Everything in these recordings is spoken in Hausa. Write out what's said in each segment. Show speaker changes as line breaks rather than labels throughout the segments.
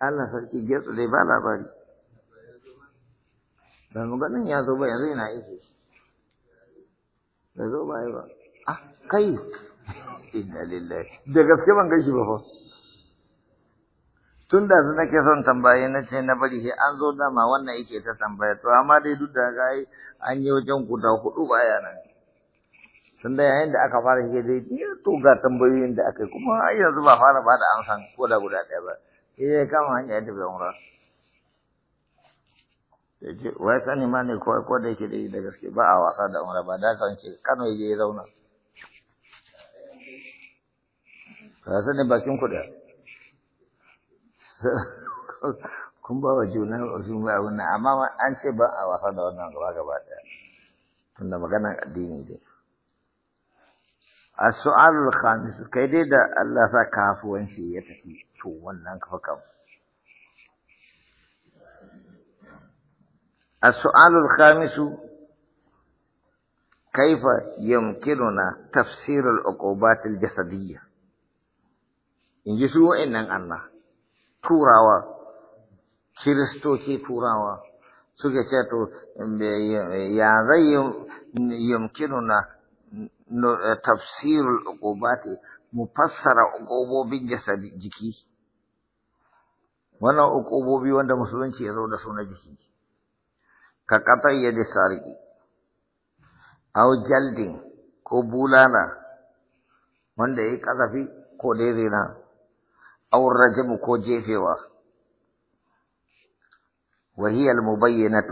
Allah sarki getsu dai ba labari ba mu ganin ya zo ba yanzu yana aiki da zo ba yi ba ah kai inna lillahi da gaske ban gashi ba fa tun da zan nake son tambaye na ce na bari sai an zo dama wannan yake ta tambaya to amma dai duk da ga yi an yi wajen guda hudu baya nan tun da yayin da aka fara shi dai to ga tambayoyin da aka yi kuma yanzu ba fara ba da amsan ko da guda ɗaya ba idan kama hanya ya tafi umra da ce wai sani ma ne kawai ko da yake da gaske ba a wasa da umra ba da kan ce kano ya je ya zauna ka sani bakin kuɗa kun ba wa juna juna abin amma an ce ba a wasa da wannan gaba gaba ɗaya tunda maganar addini ne a su'ar khamis kai dai da Allah sa ka shi ya tafi to wannan kafa kam a su'alul khamisu kaifa yamkinuna tafsirul uqubatil jasadiyya in ji su wa'annan Allah turawa kiristoci turawa suke ce to ya zai yamkinuna Eh, tafsirul uqubati mu fassara uqubobin jasadi jiki wannan uqubobi wanda musulunci ya zo da su na jiki ka katar yadda sarki aw jaldin ko bulala wanda ya yi ko daidai aw rajamu ko jefewa fi المبينة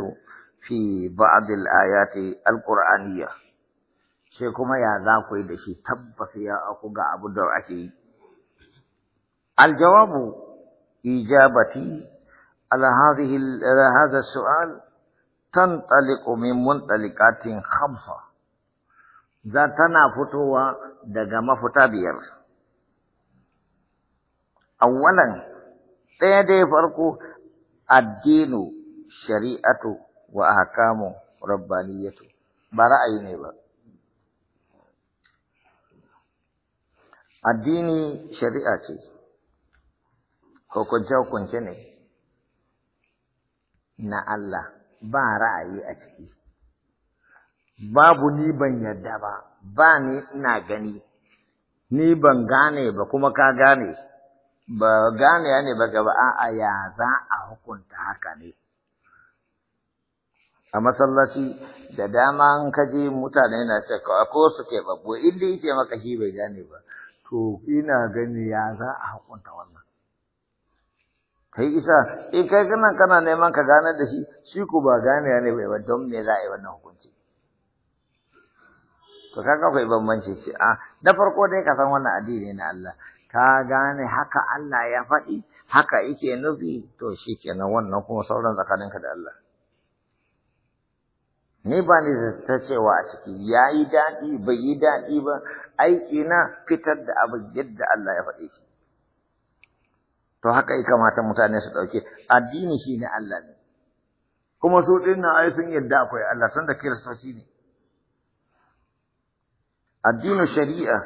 في بعض al القرآنية sai kuma ya za ku yi da shi tabbas ya aku ga abu da ake yi. Aljawabu ijabati على هذه على هذا السؤال تنطلق من منطلقات خمسة ذاتنا فتوى دقم فتابير أولا تيدي فرق الدين شريعة وأحكام ربانية برأي نبقى addini shari'a ce hukunce hukunce ne na Allah ba ra'ayi a ciki babu ni ban yarda ba ba ni ina gani ni ban gane ba kuma ka gane ba gane ne ba gaba a'a ya za a hukunta haka ne a masallaci da dama an kaje mutane na shakka ko su ke babu inda yake maka shi bai gane ba to ina gani ya za a hakunta wannan kai isa in kai kana kana neman ka gane da shi shi ku ba gane ne bai ba don me za a yi wannan hukunci to ga akwai bambanci ce a na farko dai ka san wannan addini na Allah ka gane haka Allah ya faɗi haka yake nufi to shikenan wannan kuma sauran tsakaninka da Allah ni ba ni ta cewa a ciki ya yi daɗi bai yi daɗi ba aiki na fitar da abin yadda Allah ya faɗe shi to haka ya kamata mutane su ɗauke addini shi ne Allah ne kuma su ɗin na ai sun yadda akwai Allah sun da kiristoci ne addinu shari'a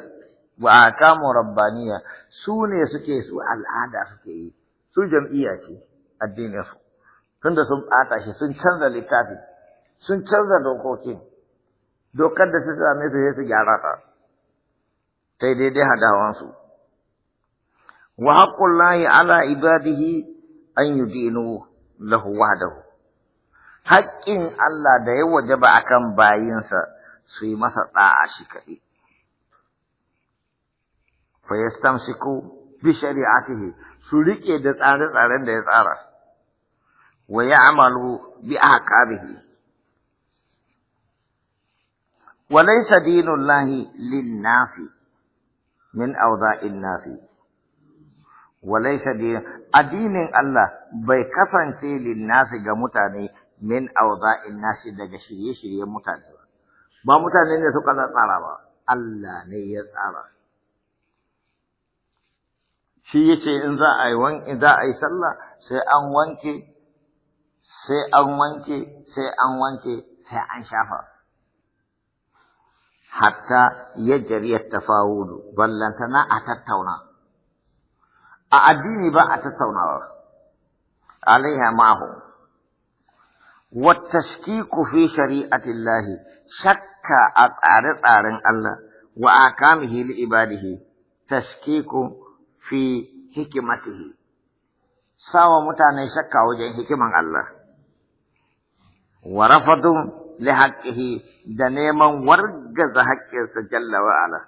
wa akamu rabbaniya su ne suke su al'ada suke yi su jam'iyya ce addinin su tunda sun ɓata shi sun canza littafi sun canza dokokin, dokar da su same su sai su gyara ta sai daidai hadawansu wa haqqullahi ala ibadihi an yudinu lahu wahdahu haƙƙin Allah da ya wajaba akan bayinsa su yi masa ɗa'a shi kaɗai fa yastamsiku bi shari'atihi su riƙe da tsare-tsaren da ya tsara wa ya'malu bi ahkamihi وليس دين الله للناس من أوضاع الناس وليس دين الدين الله بيكفن في للناس جمتاني من أوضاع الناس دجشي شيء متاني ba mutane ne suka tsara ba Allah ne ya tsara shi yace in za a yi wanki za a yi sallah sai an wanke sai an wanke sai an wanke sai an shafa hatta ya wudu, ballanta na a tattauna a addini ba a tattaunawa alaiha mahu wattashkiku fi shari'atillahi shakka a tsare-tsaren Allah wa akamihi li ibadihi tashkiku fi hikimatihi sawa mutane shakka wajen hikiman Allah wa rafadun لحقه دنيما ورقز حقه جل وعلا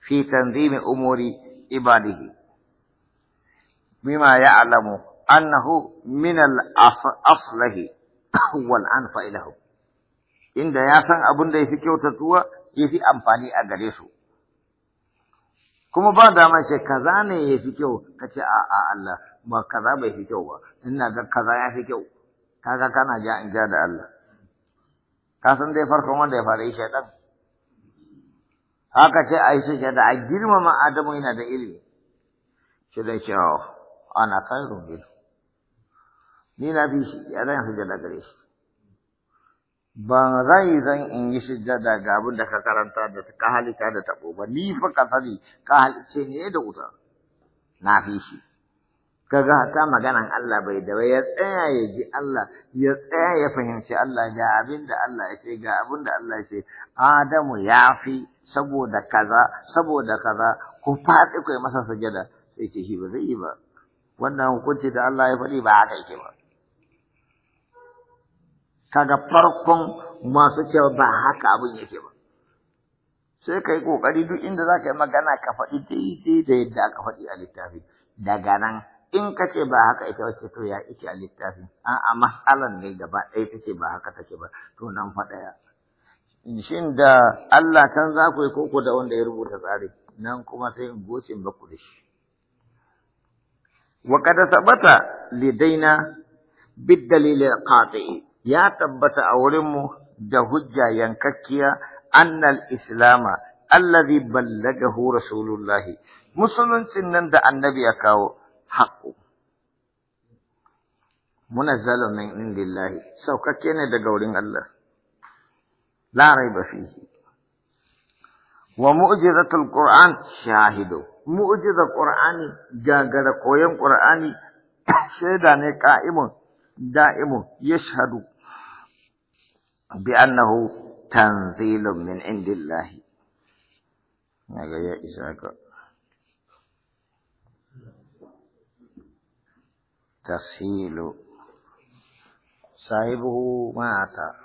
في تنظيم أمور عباده بما يعلم أنه من الأصله والأنفع له عند يفهم أبن دي في كوتتوى يفي أمفاني أغريسو kuma ba dama ce kaza ne ya fi kyau ka ce a a Allah ba kaza bai fi kyau ba ina ga kaza ya fi kyau kaga kana ja in ja da Allah ka san dai farkon wanda ya fara yi shaidan haka ce a yi sujada a girmama adamu yana da ilimi shi dai cewa oh, ana kai rumbin. ni na bi shi ya zan sujada gare shi ban zai zan in yi jada ga abin da ka karanta da ka halitta da tabo ba ni fa ka sani ka halice ne da wuta na fi shi kaga ta maganan Allah bai da ya tsaya ya ji Allah ya tsaya ya fahimci Allah ga abin da Allah ya ce ga abin da Allah ya ce Adamu ya fi saboda kaza saboda kaza ku fadi ku masa sujada sai ce shi ba zai yi ba wannan hukunci da Allah ya faɗi ba haka yake ba kaga farkon masu cewa ba haka abin yake ba sai ka yi ƙoƙari duk inda za ka yi magana ka faɗi daidai da yadda aka faɗi a littafi daga nan in ka ce ba haka ita wacce to ya ike a littafin a a matsalan ne gaba ɗaya ta ce ba haka take ba to nan fa ɗaya shin da Allah can za ku yi koko da wanda ya rubuta tsari nan kuma sai in goce ba ku da shi wa kada sabata lidaina bid dalil qati ya tabbata a wurin mu da hujja yankakkiya annal islama allazi ballagahu rasulullahi musuluncin nan da annabi ya kawo haqqu munazzalu min indillahi saukakke ne daga wurin Allah Larai ba fihi wa mu'jizatul qur'an shahidu mu'jizar qur'ani gagara koyon qur'ani shaida ne qa'imun da'imun yashhadu bi annahu tanzilun min indillahi naga ya isa ka تسهيل صاحبه مات